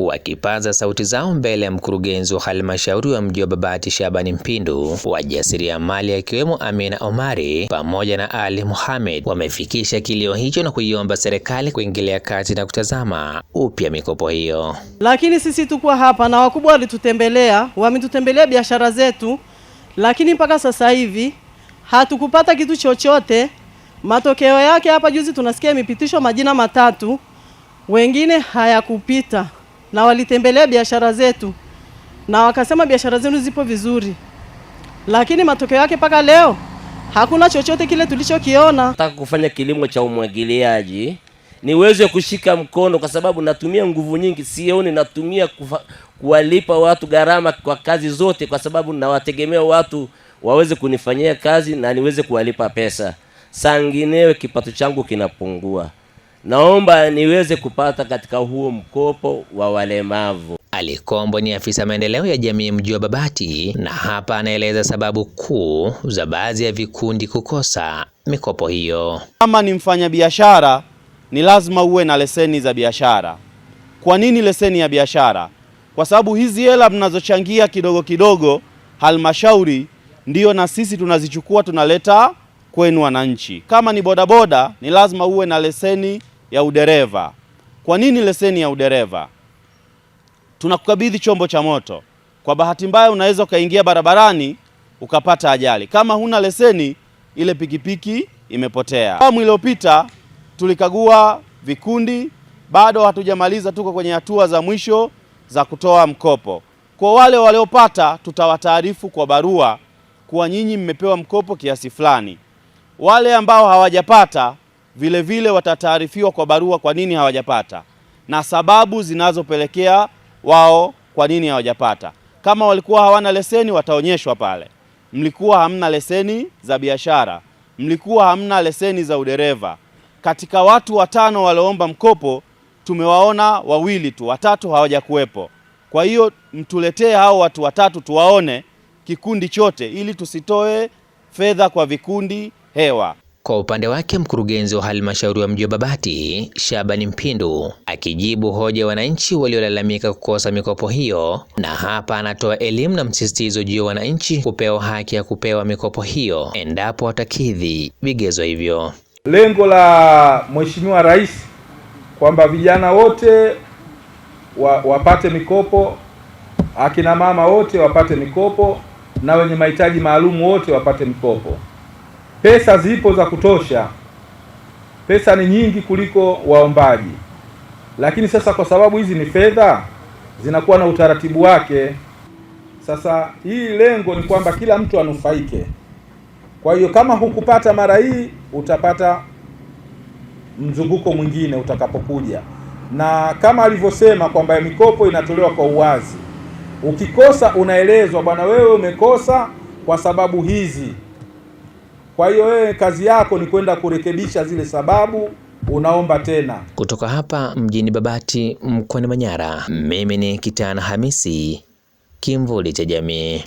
wakipaza sauti zao mbele ya mkurugenzi wa halmashauri wa mji wa Babati Shabani Mpindu, wajasiriamali akiwemo Amina Omari pamoja na Ali muhamed wamefikisha kilio hicho na kuiomba serikali kuingilia kati na kutazama upya mikopo hiyo. Lakini sisi tukuwa hapa na wakubwa walitutembelea, wametutembelea biashara zetu, lakini mpaka sasa hivi hatukupata kitu chochote. Matokeo yake hapa juzi tunasikia imepitisha majina matatu, wengine hayakupita na walitembelea biashara zetu na wakasema biashara zenu zipo vizuri, lakini matokeo yake mpaka leo hakuna chochote kile tulichokiona. Nataka kufanya kilimo cha umwagiliaji niweze kushika mkono, kwa sababu natumia nguvu nyingi, sioni natumia kufa, kuwalipa watu gharama kwa kazi zote, kwa sababu nawategemea watu waweze kunifanyia kazi na niweze kuwalipa pesa, sanginewe kipato changu kinapungua naomba niweze kupata katika huo mkopo wa walemavu. Ali Kombo ni afisa maendeleo ya jamii mji wa Babati, na hapa anaeleza sababu kuu za baadhi ya vikundi kukosa mikopo hiyo. Kama ni mfanyabiashara, ni lazima uwe na leseni za biashara. Kwa nini leseni ya biashara? Kwa sababu hizi hela mnazochangia kidogo kidogo halmashauri, ndiyo na sisi tunazichukua tunaleta kwenu wananchi. Kama ni bodaboda, ni lazima uwe na leseni ya udereva. Kwa nini leseni ya udereva? Tunakukabidhi chombo cha moto, kwa bahati mbaya unaweza ukaingia barabarani ukapata ajali. Kama huna leseni, ile pikipiki imepotea. Awamu iliyopita tulikagua vikundi, bado hatujamaliza, tuko kwenye hatua za mwisho za kutoa mkopo. Kwa wale waliopata, tutawataarifu kwa barua kuwa nyinyi mmepewa mkopo kiasi fulani. Wale ambao hawajapata vile vile watataarifiwa kwa barua kwa nini hawajapata na sababu zinazopelekea wao kwa nini hawajapata. Kama walikuwa hawana leseni, wataonyeshwa pale, mlikuwa hamna leseni za biashara, mlikuwa hamna leseni za udereva. Katika watu watano walioomba mkopo tumewaona wawili tu, watatu hawajakuwepo. Kwa hiyo mtuletee hao watu watatu tuwaone kikundi chote, ili tusitoe fedha kwa vikundi hewa. Kwa upande wake mkurugenzi wa halmashauri ya mji wa Babati Shabani Mpindu akijibu hoja wananchi waliolalamika kukosa mikopo hiyo, na hapa anatoa elimu na msisitizo juu ya wananchi kupewa haki ya kupewa mikopo hiyo endapo watakidhi vigezo hivyo. Lengo la Mheshimiwa Rais kwamba vijana wote wa, wapate mikopo, akina mama wote wapate mikopo, na wenye mahitaji maalum wote wapate mikopo. Pesa zipo za kutosha, pesa ni nyingi kuliko waombaji, lakini sasa kwa sababu hizi ni fedha zinakuwa na utaratibu wake. Sasa hii lengo ni kwamba kila mtu anufaike. Kwa hiyo kama hukupata mara hii, utapata mzunguko mwingine utakapokuja, na kama alivyosema kwamba mikopo inatolewa kwa uwazi. Ukikosa unaelezwa, bwana, wewe umekosa kwa sababu hizi. Kwa hiyo wewe kazi yako ni kwenda kurekebisha zile sababu unaomba tena. Kutoka hapa mjini Babati mkoani Manyara, mimi ni Kitana Hamisi, kimvuli cha jamii.